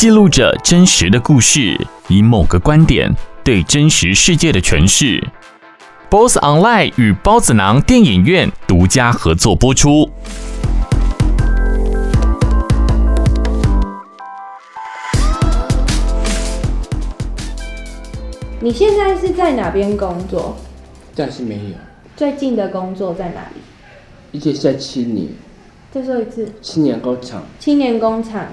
記錄着真實的故事，以某個觀點對真實世界的詮釋。BOSS Online 與孢子囊電影院獨家合作播出。你現在是在哪邊工作？暫時沒有。最近的工作在哪裡？以前在青年。再說一次。青年工廠。青年工廠。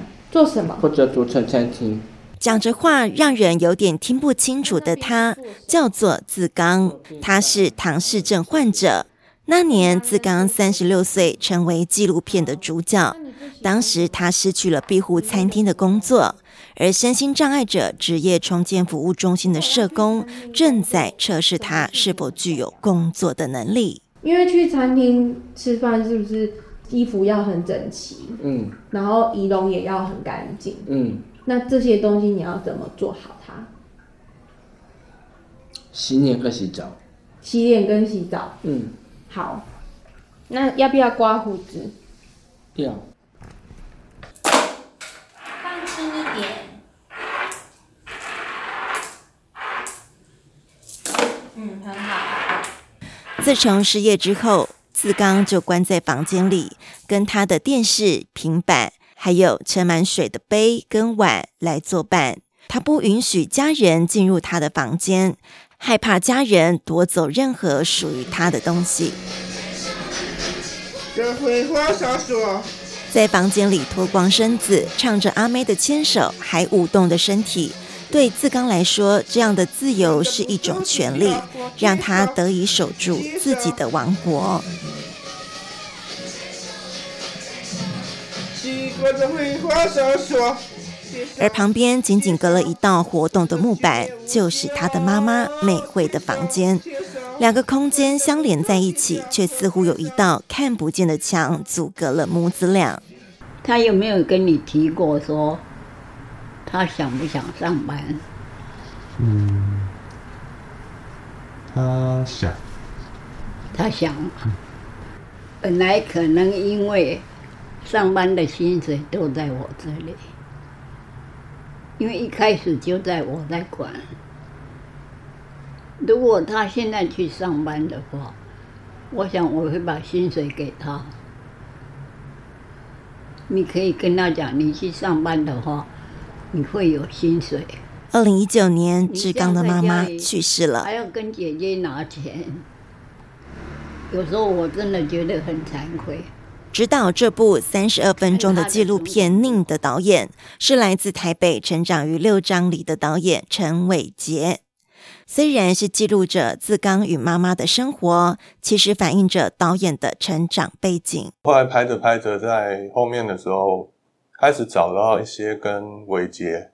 或者讀成餐廳。講着話讓人有點聽不清楚的他，叫做自綱，他是唐氏症患者。那年，自綱三十六歲，成為紀錄片的主角。當時他失去了庇護餐廳的工作，而身心障礙者職業重建服務中心的社工正在測試他是否具有工作的能力。因為去餐廳吃飯是不是？衣服要很整齊，嗯，然後儀容也要很乾淨，嗯，那這些東西你要怎麼做好它？洗臉跟洗澡。洗臉跟洗澡，嗯，好，那要不要刮鬍子？不要，放輕一點，嗯，很好。自從失業之後。自綱就關在房間裡，跟他的電視、平板，還有盛滿水的杯跟碗來作伴。他不允許家人進入他的房間，害怕家人奪走任何屬於他的東西。在房間裡脫光身子，唱着阿妹的《牽手》，還舞動的身體。對自綱來說，這樣的自由是一種權力，讓他得以守住自己的王國。而旁邊僅僅隔了一道活動的木板，就是他的媽媽美惠的房間。兩個空間相連在一起，却似乎有一道看不見的牆阻隔了母子倆。他有沒有跟你提過說？他想不想上班？嗯，他想。他想，嗯，本來可能因為上班的薪水都在我這裡，因為一開始就在我在管。如果他現在去上班的話，我想我會把薪水給他。你可以跟他講，你去上班的話，你會有薪水。二零一九年，自綱的媽媽去世了，還要跟姐姐拿錢，有時候我真的覺得很慚愧。執導這部三十二分鐘的紀錄片《寍》的導演是來自台北，成長於六張犁的導演陳韋杰。雖然是記錄着自綱與媽媽的生活，其實反映着導演的成長背景。後來拍着拍着，在後面的時候。開始找到一些跟韋杰、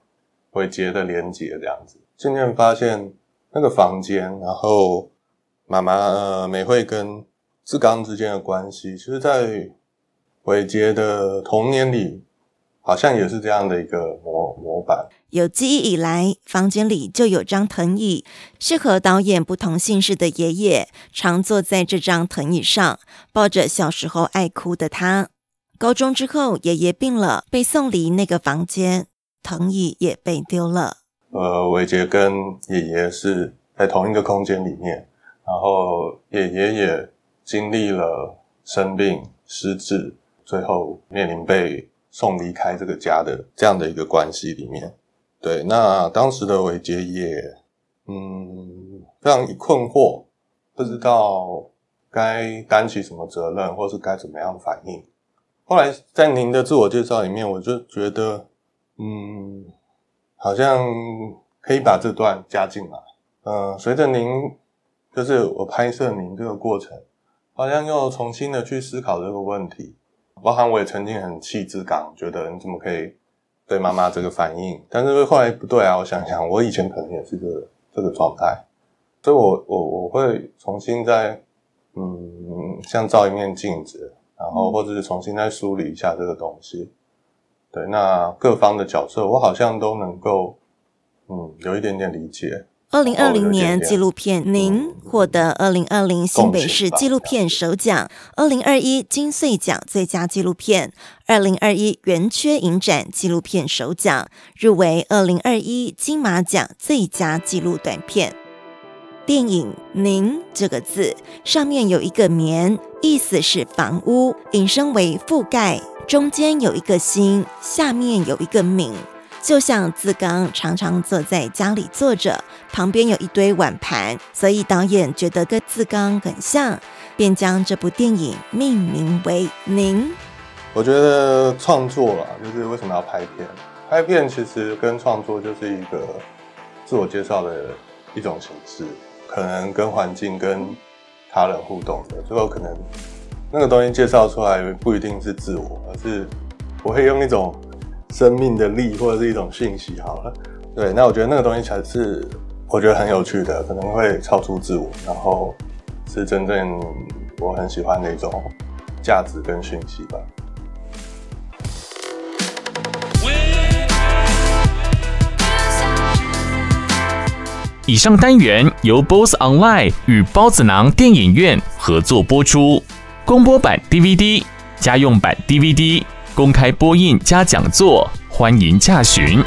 韋杰的連接，這樣子，漸漸發現那個房間，然後媽媽呃美惠跟自綱之間的關係，其實，在韋杰的童年裡，好像也是這樣的一個模模板。有記憶以來，房間裡就有張藤椅，是和導演不同姓氏的爺爺常坐在這張藤椅上，抱着小時候愛哭的他。高中之後，爺爺病了，被送離那個房間，藤椅也被丟了。呃，韋杰跟爺爺是在同一個空間裡面，然後爺爺也經歷了生病、失智，最後面臨被送離開這個家的這樣的一個關係裡面。對，那當時的韋杰也，嗯，非常困惑，不知道該擔起什麼責任，或是該怎麼樣反應。後來在您的自我介紹裡面，我就覺得，嗯，好像可以把這段加進來。嗯、呃，隨着您就是我拍攝您這個過程，好像又重新的去思考這個問題，包含我也曾經很氣自綱，覺得你怎麼可以對媽媽這個反應？但是後來不對啊，我想想，我以前可能也是這個、這個狀態，所以我我我會重新再，嗯，像照一面鏡子。然後，或者是重新再梳理一下這個東西，對，那各方的角色，我好像都能夠，嗯，有一點點理解。二零二零年紀錄片《寍》獲得二零二零新北市紀錄片首獎，二零二一金穗獎最佳紀錄片，二零二一圓缺影展紀錄片首獎，入圍二零二一金馬獎最佳紀錄短片。電影《寍》這個字上面有一個“宀”，意思是房屋，引申為覆蓋。中間有一個“心”，下面有一個“皿”，就像自綱常常坐在家裡坐着，旁邊有一堆碗盤，所以導演覺得跟自綱很像，便將這部電影命名為《寍》。我覺得創作啦就是為什麼要拍片？拍片其實跟創作就是一個自我介紹的一種形式。可能跟環境、跟他人互動的，最後可能那個東西介紹出來不一定是自我，而是我會用一種生命的力或者是一種訊息好了。對，那我覺得那個東西才是我覺得很有趣的，可能會超出自我，然後是真正我很喜歡的一種價值跟訊息吧。以上單元由 BOSS ONLINE 與孢子囊電影院合作播出，公播版 DVD、家用版 DVD，公開播映，加講座，歡迎駕詢。